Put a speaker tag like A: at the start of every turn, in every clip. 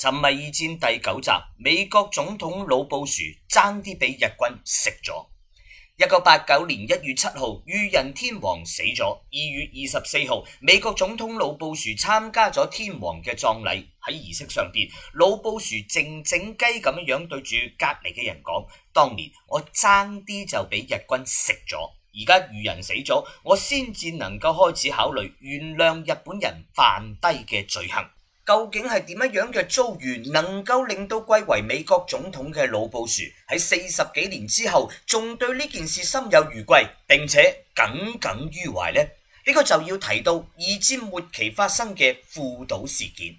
A: 《沉迷二戰》第九集，美國總統老布殊爭啲俾日軍食咗。一九八九年一月七號，裕仁天皇死咗。二月二十四號，美國總統老布殊參加咗天皇嘅葬禮。喺儀式上邊，老布殊靜靜雞咁樣樣對住隔籬嘅人講，當年我爭啲就俾日軍食咗，而家裕仁死咗，我先至能夠開始考慮原諒日本人犯低嘅罪行。究竟係點樣樣嘅遭遇，能夠令到歸為美國總統嘅老布殊喺四十幾年之後，仲對呢件事心有餘悸，並且耿耿於懷呢？呢、呢個就要提到二戰末期發生嘅父島事件。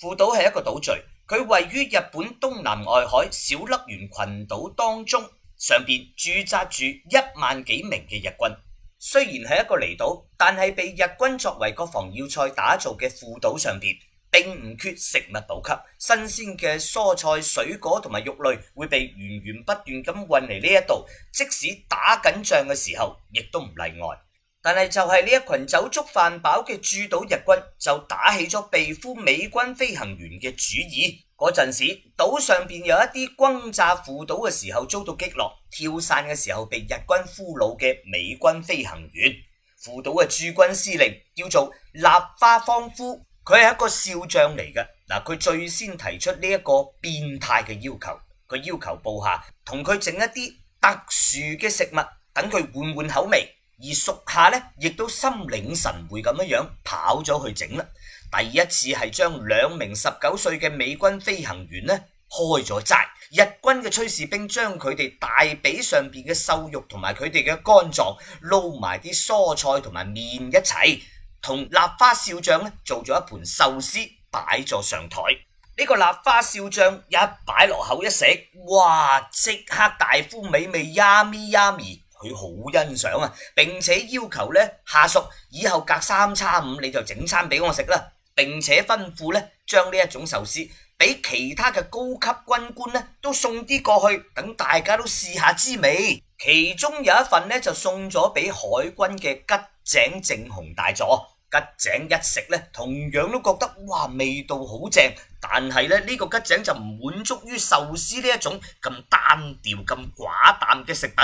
A: 父島係一個島嶼，佢位於日本東南外海小笠原群島當中，上邊駐紮住一萬幾名嘅日軍。雖然係一個離島，但係被日軍作為國防要塞打造嘅父島上邊。並唔缺食物補給，新鮮嘅蔬菜、水果同埋肉類會被源源不斷咁運嚟呢一度。即使打緊仗嘅時候，亦都唔例外。但係就係呢一群酒足飯飽嘅駐島日軍，就打起咗被俘美軍飛行員嘅主意。嗰陣時，島上邊有一啲轟炸父島嘅時候遭到擊落、跳傘嘅時候被日軍俘虜嘅美軍飛行員，父島嘅駐軍司令叫做立花芳夫。佢係一個少將嚟嘅，嗱，佢最先提出呢一個變態嘅要求，佢要求部下同佢整一啲特殊嘅食物，等佢換換口味。而屬下呢，亦都心領神會咁樣樣跑咗去整啦。第一次係將兩名十九歲嘅美軍飛行員呢開咗齋，日軍嘅炊事兵將佢哋大髀上邊嘅瘦肉同埋佢哋嘅肝臟撈埋啲蔬菜同埋麵一齊。同立花少將呢做咗一盤壽司擺咗上台，呢個立花少將一擺落口一食，哇！即刻大呼美味呀咪呀咪，佢好欣賞啊，並且要求呢，下屬以後隔三差五你就整餐俾我食啦，並且吩咐呢，將呢一種壽司俾其他嘅高級軍官呢都送啲過去，等大家都試下滋味。其中有一份呢，就送咗俾海軍嘅吉井正雄大佐。吉井一食咧，同樣都覺得哇味道好正，但係咧呢、呢個吉井就唔滿足於壽司呢一種咁單調咁寡淡嘅食品，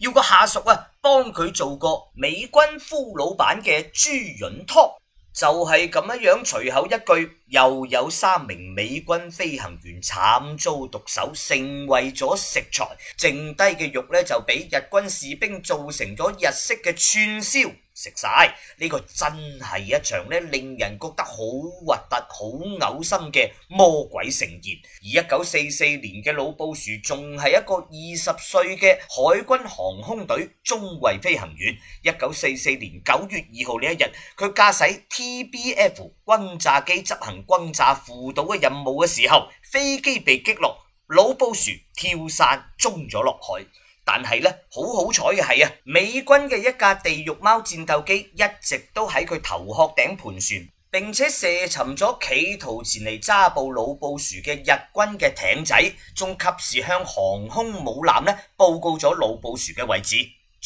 A: 要個下屬啊幫佢做個美軍俘老闆嘅豬潤湯，就係咁樣樣，隨口一句，又有三名美軍飛行員慘遭毒手，成為咗食材，剩低嘅肉呢，就俾日軍士兵做成咗日式嘅串燒。食晒呢個真係一場咧，令人覺得好核突、好嘔心嘅魔鬼盛宴。而一九四四年嘅老布殊仲係一個二十歲嘅海軍航空隊中尉飛行員。一九四四年九月二號呢一日，佢駕駛 TBF 轟炸機執行轟炸父島嘅任務嘅時候，飛機被擊落，老布殊跳傘中咗落去。但係咧，好好彩嘅係啊，美軍嘅一架地獄貓戰鬥機一直都喺佢頭殼頂盤旋，並且射沉咗企圖前嚟抓捕老布殊嘅日軍嘅艇仔，仲及時向航空母艦呢報告咗老布殊嘅位置。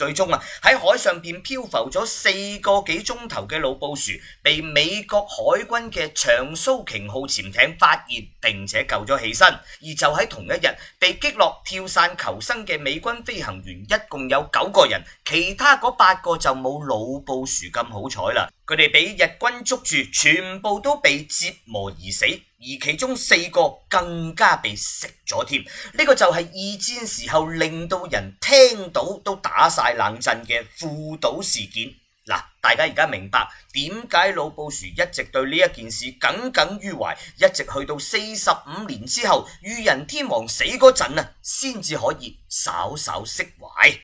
A: 最終啊，喺海上邊漂浮咗四個幾鐘頭嘅老布殊，被美國海軍嘅長鬚鯨號潛艇發現，並且救咗起身。而就喺同一日被擊落跳傘求生嘅美軍飛行員一共有九個人，其他嗰八個就冇老布殊咁好彩啦。佢哋俾日軍捉住，全部都被折磨而死，而其中四個更加被食咗添。呢、這個就係二戰時候令到人聽到都打晒冷震嘅父島事件。嗱，大家而家明白點解老布殊一直對呢一件事耿耿於懷，一直去到四十五年之後，裕仁天皇死嗰陣啊，先至可以稍稍釋懷。